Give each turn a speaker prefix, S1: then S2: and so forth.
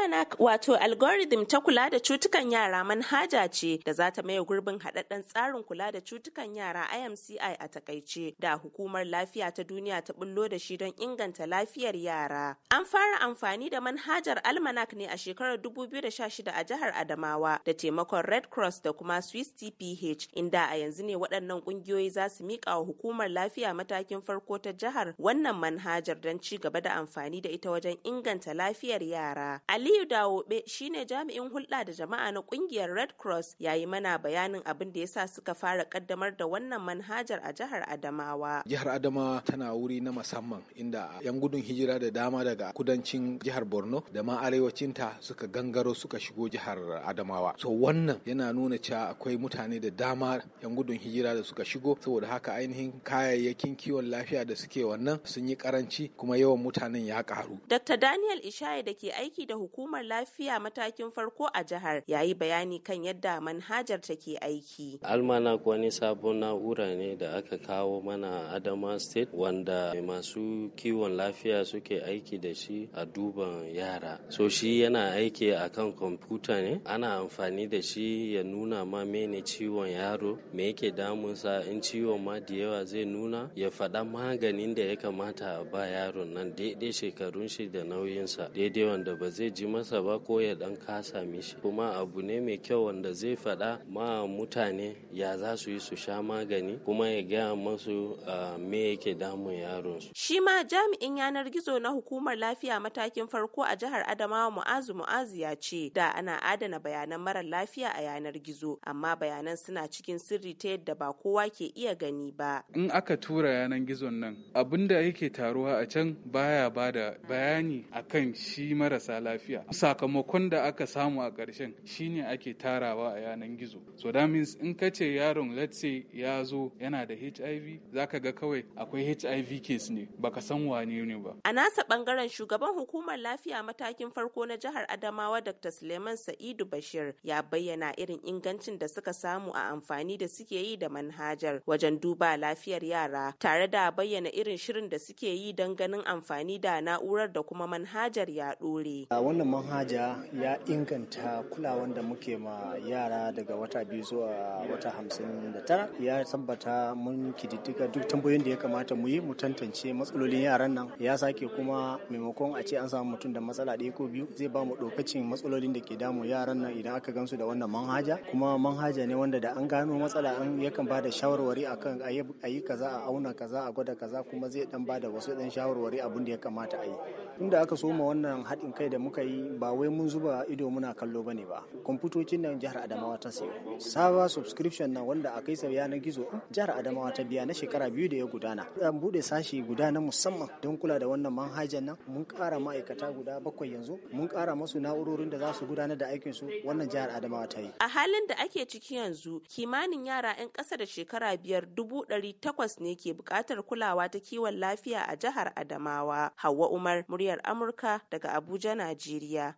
S1: almanac wato algorithm ta kula da cutukan yara manhaja ce da za ta maye gurbin haɗaɗɗen tsarin kula da cutukan yara IMCI a takaice da hukumar lafiya ta duniya ta bullo da shi don inganta lafiyar yara. An fara amfani da manhajar almanac ne a shekarar 2016 a jihar Adamawa da taimakon Red Cross da kuma Swiss TPH inda a yanzu ne waɗannan ƙungiyoyi za su miƙa wa hukumar lafiya matakin farko ta jihar wannan manhajar don ci gaba da amfani da ita wajen inganta lafiyar yara. Ali Aliyu Dawobe shine jami'in hulɗa da jama'a na kungiyar Red Cross ya yi mana bayanin abin da sa suka fara kaddamar da wannan manhajar a jihar Adamawa. Jihar
S2: Adamawa tana wuri na musamman inda 'yan gudun hijira da dama daga kudancin jihar Borno da ma arewacinta suka gangaro suka shigo jihar Adamawa. So wannan yana nuna cewa akwai mutane da dama 'yan gudun hijira da suka shigo saboda haka ainihin kayayyakin kiwon lafiya da suke wannan sun yi karanci kuma yawan mutanen ya karu.
S1: Dr. Daniel Ishaye da ke aiki da hukumar hukumar lafiya matakin farko a jihar yayi bayani kan yadda manhajar take aiki.
S3: Almanac wani sabon na'ura ne da aka kawo mana Adama State wanda masu kiwon lafiya suke aiki da shi a duban yara. So shi yana aiki a kan kwamfuta ne, ana amfani da shi ya nuna ma mene ciwon yaro, me yake damunsa in ciwon ma da yawa zai nuna ya faɗa maganin da ya kamata a ba yaron nan daidai shekarun shi da nauyinsa daidai wanda ba zai ji masa ba ko ya dan kasa mishi kuma abu ne mai kyau wanda zai fada ma mutane ya za su yi su sha magani kuma ya gaya masu me yake damun yaron su
S1: shi ma jami'in yanar gizo na hukumar lafiya matakin farko a jihar adamawa mu'azu mu'azu ya ce da ana adana bayanan mara lafiya a yanar gizo amma bayanan suna cikin sirri ta yadda ba kowa ke iya gani ba
S2: in aka tura yanar gizon nan abinda yake taruwa a can baya bada bayani akan shi marasa lafiya jiya sakamakon da aka samu a ƙarshen shine ake tarawa a yanan gizo so that means in ka ce yaron let's say ya zo yana da hiv zaka ga kawai akwai hiv case ne baka san wane ne ba
S1: a nasa bangaren shugaban hukumar lafiya matakin farko na jihar adamawa dr suleiman sa'idu bashir ya bayyana irin ingancin da suka samu a amfani da suke yi da manhajar wajen duba lafiyar yara tare da bayyana irin shirin da suke yi don ganin amfani da na'urar da kuma manhajar ya ɗore. wannan
S4: manhaja ya inganta kulawan da muke ma yara daga wata biyu zuwa wata hamsin da tara ya tabbata mun kididdiga duk tambayoyin da ya kamata mu yi mu tantance matsalolin yaran nan ya sake kuma maimakon a ce an samu mutum da matsala ɗaya ko biyu zai ba mu ɗaukacin matsalolin da ke damu yaran nan idan aka gansu da wannan manhaja kuma manhaja ne wanda da an gano matsala an yakan ba da shawarwari akan a yi kaza a auna kaza a gwada kaza kuma zai dan ba da wasu dan shawarwari abin da ya kamata a yi tunda aka soma wannan haɗin kai da muka yi ba wai mun zuba ido muna kallo bane ba kwamfutocin nan jihar adamawa ta sayo saba subscription nan wanda akai sa yanar gizo jihar adamawa ta biya na shekara biyu da ya gudana an bude sashi guda na musamman don kula da wannan manhajar nan mun kara ma'aikata guda bakwai yanzu mun kara masu na'urorin da za su gudanar da aikin su wannan jihar adamawa ta yi
S1: a halin da ake ciki yanzu kimanin yara 'yan ƙasa da shekara biyar dubu ɗari takwas ne ke buƙatar kulawa ta kiwon lafiya a jihar adamawa hawa umar muryar amurka daga abuja najeriya Yeah.